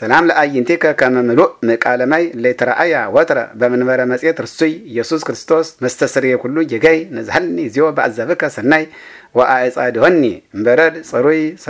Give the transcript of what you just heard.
ሰላም ለአይንቲከ ከመ ምሉእ ምቃለ ማይ ለይትረአያ ወጥረ በመንበረ መጽሔት ርሱይ ኢየሱስ ክርስቶስ መስተስርየ ኩሉ ጀገይ ነዝሐልኒ እዚዮ በአዛብከ ሰናይ ወአእጻድሆኒ እምበረድ ጽሩይ